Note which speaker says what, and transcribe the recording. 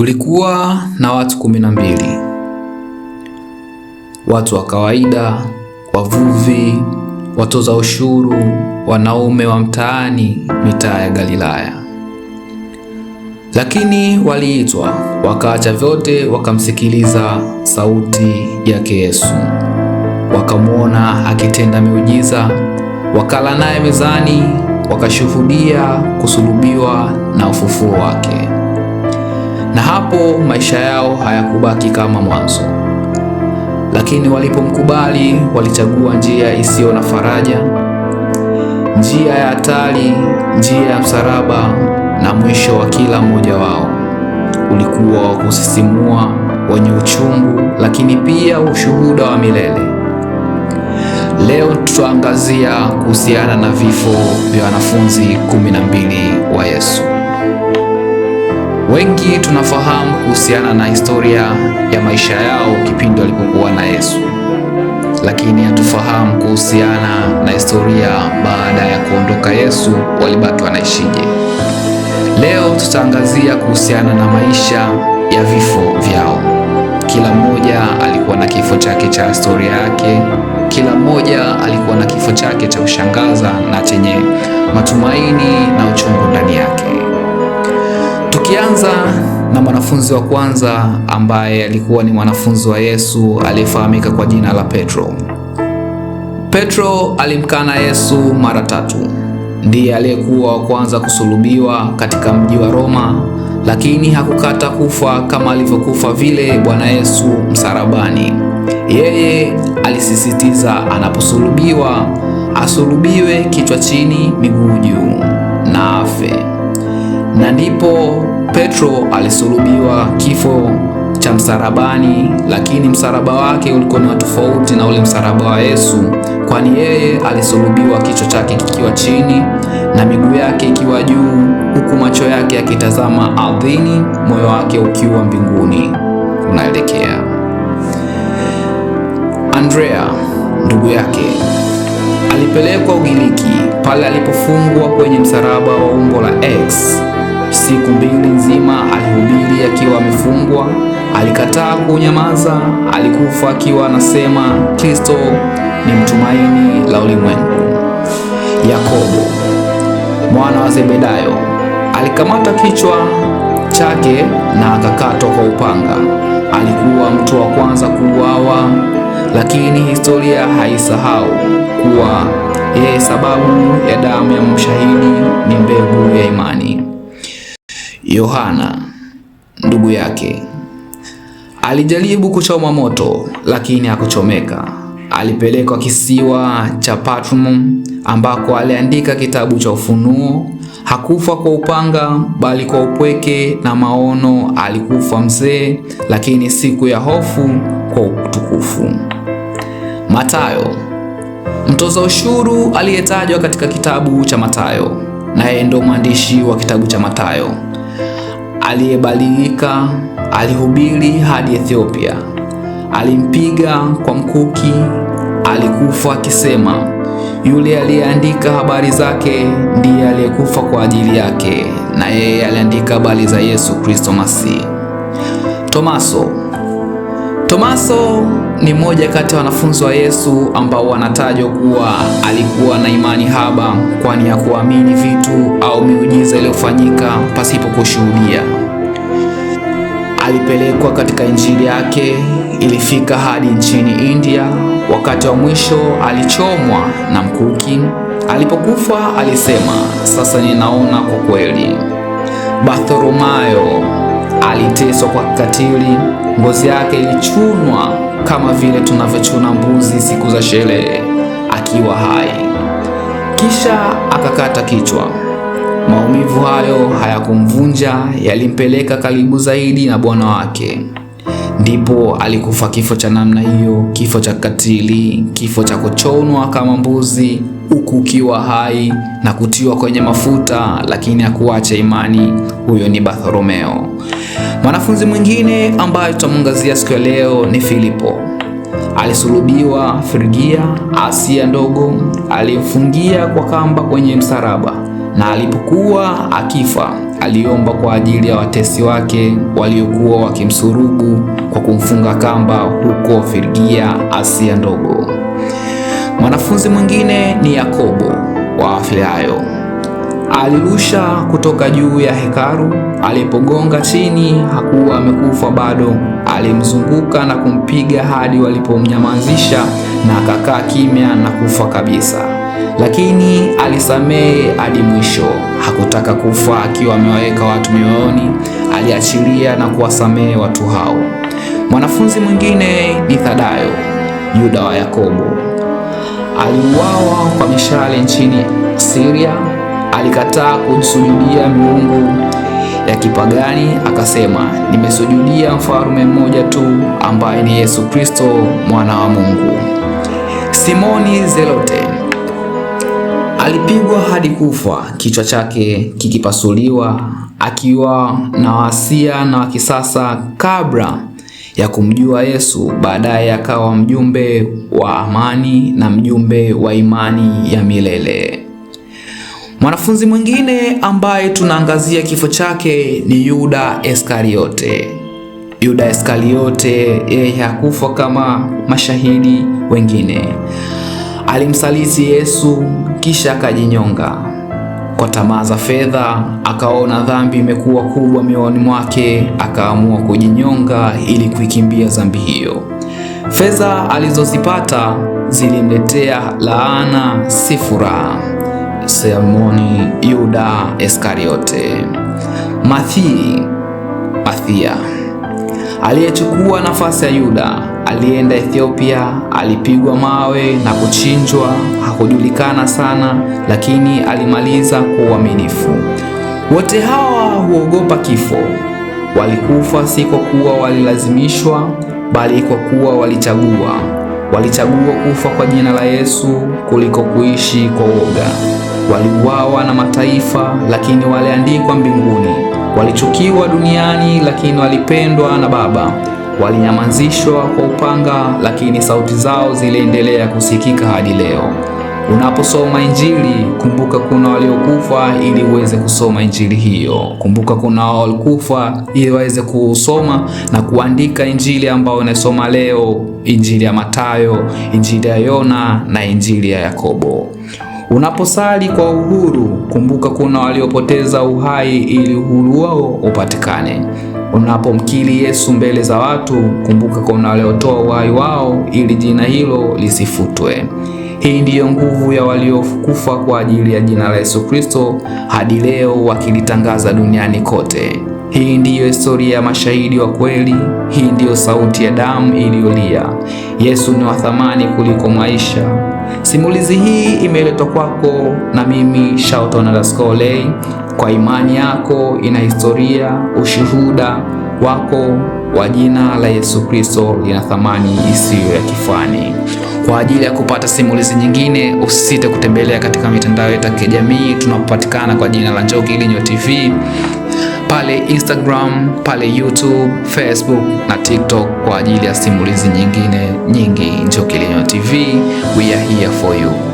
Speaker 1: Kulikuwa na watu kumi na mbili, watu wa kawaida, wavuvi, watoza ushuru, wanaume wa mtaani, mitaa ya Galilaya. Lakini waliitwa wakaacha vyote, wakamsikiliza sauti yake Yesu, wakamwona akitenda miujiza, wakala naye mezani, wakashuhudia kusulubiwa na ufufuo wake na hapo maisha yao hayakubaki kama mwanzo. Lakini walipomkubali walichagua njia isiyo na faraja, njia ya hatari, njia ya msalaba, na mwisho wa kila mmoja wao ulikuwa wa kusisimua, wenye uchungu, lakini pia ushuhuda wa milele. Leo tutaangazia kuhusiana na vifo vya wanafunzi kumi na mbili wa Yesu. Wengi tunafahamu kuhusiana na historia ya maisha yao kipindi walipokuwa na Yesu, lakini hatufahamu kuhusiana na historia baada ya kuondoka Yesu, walibaki wanaishije? Leo tutaangazia kuhusiana na maisha ya vifo vyao. Kila mmoja alikuwa na kifo chake cha historia yake, kila mmoja alikuwa na kifo chake cha kushangaza na chenye matumaini na uchungu ndani yake. Tukianza na mwanafunzi wa kwanza ambaye alikuwa ni mwanafunzi wa Yesu aliyefahamika kwa jina la Petro. Petro alimkana Yesu mara tatu. Ndiye aliyekuwa wa kwanza kusulubiwa katika mji wa Roma, lakini hakukata kufa kama alivyokufa vile Bwana Yesu msalabani. Yeye alisisitiza anaposulubiwa asulubiwe kichwa chini, miguu juu na afe, na ndipo Petro alisulubiwa kifo cha msarabani lakini msalaba wake ulikuwa ni tofauti na ule msalaba wa Yesu, kwani yeye alisulubiwa kichwa chake kikiwa chini na miguu yake ikiwa juu, huku macho yake yakitazama ardhini, moyo wake ukiwa mbinguni. Unaelekea Andrea ndugu yake alipelekwa Ugiriki pale alipofungwa kwenye msalaba wa umbo la X Siku mbili nzima alihubiri akiwa amefungwa, alikataa kunyamaza. Alikufa akiwa anasema Kristo ni mtumaini la ulimwengu. Yakobo mwana wa Zebedayo alikamata kichwa chake na akakatwa kwa upanga. Alikuwa mtu wa kwanza kuuawa, lakini historia haisahau kuwa yeye sababu ya damu ya mshahidi ni mbegu ya imani. Yohana ndugu yake alijaribu kuchoma moto lakini hakuchomeka. Alipelekwa kisiwa cha Patmos ambako aliandika kitabu cha Ufunuo. Hakufa kwa upanga, bali kwa upweke na maono. Alikufa mzee, lakini siku ya hofu kwa utukufu. Matayo, mtoza ushuru aliyetajwa katika kitabu cha Matayo, naye ndo mwandishi wa kitabu cha Matayo aliyebadilika alihubiri hadi Ethiopia, alimpiga kwa mkuki, alikufa akisema, yule aliyeandika habari zake ndiye aliyekufa kwa ajili yake, na yeye aliandika habari za Yesu Kristo Masihi. Tomaso. Tomaso ni mmoja kati ya wanafunzi wa Yesu ambao wanatajwa kuwa alikuwa na imani haba, kwani ya kuamini vitu au miujiza iliyofanyika pasipo kushuhudia. Alipelekwa katika injili yake ilifika hadi nchini India. Wakati wa mwisho alichomwa na mkuki. Alipokufa alisema, sasa ninaona kwa kweli. Bartholomayo aliteswa kwa katili, ngozi yake ilichunwa kama vile tunavyochuna mbuzi siku za sherehe akiwa hai, kisha akakata kichwa. Maumivu hayo hayakumvunja, yalimpeleka karibu zaidi na bwana wake. Ndipo alikufa kifo cha namna hiyo, kifo cha katili, kifo cha kuchonwa kama mbuzi huku ukiwa hai na kutiwa kwenye mafuta, lakini hakuacha imani. Huyo ni Bartholomeo. Mwanafunzi mwingine ambaye tutamwangazia siku ya leo ni Filipo. Alisulubiwa Frigia, Asia Ndogo, alimfungia kwa kamba kwenye msalaba na alipokuwa akifa aliomba kwa ajili ya watesi wake waliokuwa wakimsurugu kwa kumfunga kamba huko firgia Asia Ndogo. Mwanafunzi mwingine ni Yakobo wa Alfayo. Alirusha kutoka juu ya hekalu, alipogonga chini hakuwa amekufa bado. Alimzunguka na kumpiga hadi walipomnyamazisha, na akakaa kimya na kufa kabisa lakini alisamehe hadi mwisho. Hakutaka kufa akiwa amewaweka watu mioyoni, aliachilia na kuwasamehe watu hao. Mwanafunzi mwingine ni Thadayo, Yuda wa Yakobo. Aliuawa kwa mishale nchini Siria. Alikataa kusujudia miungu ya kipagani, akasema, nimesujudia mfalme mmoja tu ambaye ni Yesu Kristo mwana wa Mungu. Simoni Zelote Alipigwa hadi kufa, kichwa chake kikipasuliwa, akiwa na wasia na wa kisasa kabla ya kumjua Yesu. Baadaye akawa mjumbe wa amani na mjumbe wa imani ya milele. Mwanafunzi mwingine ambaye tunaangazia kifo chake ni Yuda Iskariote. Yuda Iskariote yeye hakufa kama mashahidi wengine. Alimsaliti Yesu, kisha akajinyonga. Kwa tamaa za fedha, akaona dhambi imekuwa kubwa mioyoni mwake, akaamua kujinyonga ili kuikimbia dhambi hiyo. Fedha alizozipata zilimletea laana, si furaha. Simoni Yuda Iskariote Mathi Mathia aliyechukua nafasi ya Yuda alienda Ethiopia, alipigwa mawe na kuchinjwa. Hakujulikana sana, lakini alimaliza kwa uaminifu. Wote hawa huogopa kifo. Walikufa si kwa kuwa walilazimishwa, bali kwa kuwa walichagua. Walichagua kufa kwa jina la Yesu kuliko kuishi kwa woga. Waliuawa na mataifa, lakini waliandikwa mbinguni. Walichukiwa duniani, lakini walipendwa na Baba walinyamazishwa kwa upanga, lakini sauti zao ziliendelea kusikika hadi leo. Unaposoma Injili kumbuka kuna waliokufa ili uweze kusoma Injili hiyo. Kumbuka kuna waliokufa ili waweze kusoma na kuandika Injili ambayo unasoma leo, Injili ya Mathayo, Injili ya Yona na Injili ya Yakobo. Unaposali kwa uhuru kumbuka kuna waliopoteza uhai ili uhuru wao upatikane. Unapomkiri Yesu mbele za watu, kumbuka kwa waliotoa uhai wao ili jina hilo lisifutwe. Hii ndiyo nguvu ya waliokufa kwa ajili ya jina la Yesu Kristo, hadi leo wakilitangaza duniani kote. Hii ndiyo historia ya mashahidi wa kweli. Hii ndiyo sauti ya damu iliyolia, Yesu ni wa thamani kuliko maisha. Simulizi hii imeletwa kwako na mimi Shauton Lay kwa imani yako ina historia. Ushuhuda wako wa jina la Yesu Kristo lina thamani isiyo ya kifani. Kwa ajili ya kupata simulizi nyingine, usisite kutembelea katika mitandao yetu ya kijamii. Tunapatikana kwa jina la Njoki Iliywa TV pale Instagram, pale YouTube, Facebook na TikTok kwa ajili ya simulizi nyingine nyingi. Njoki Iliywa TV, we are here for you.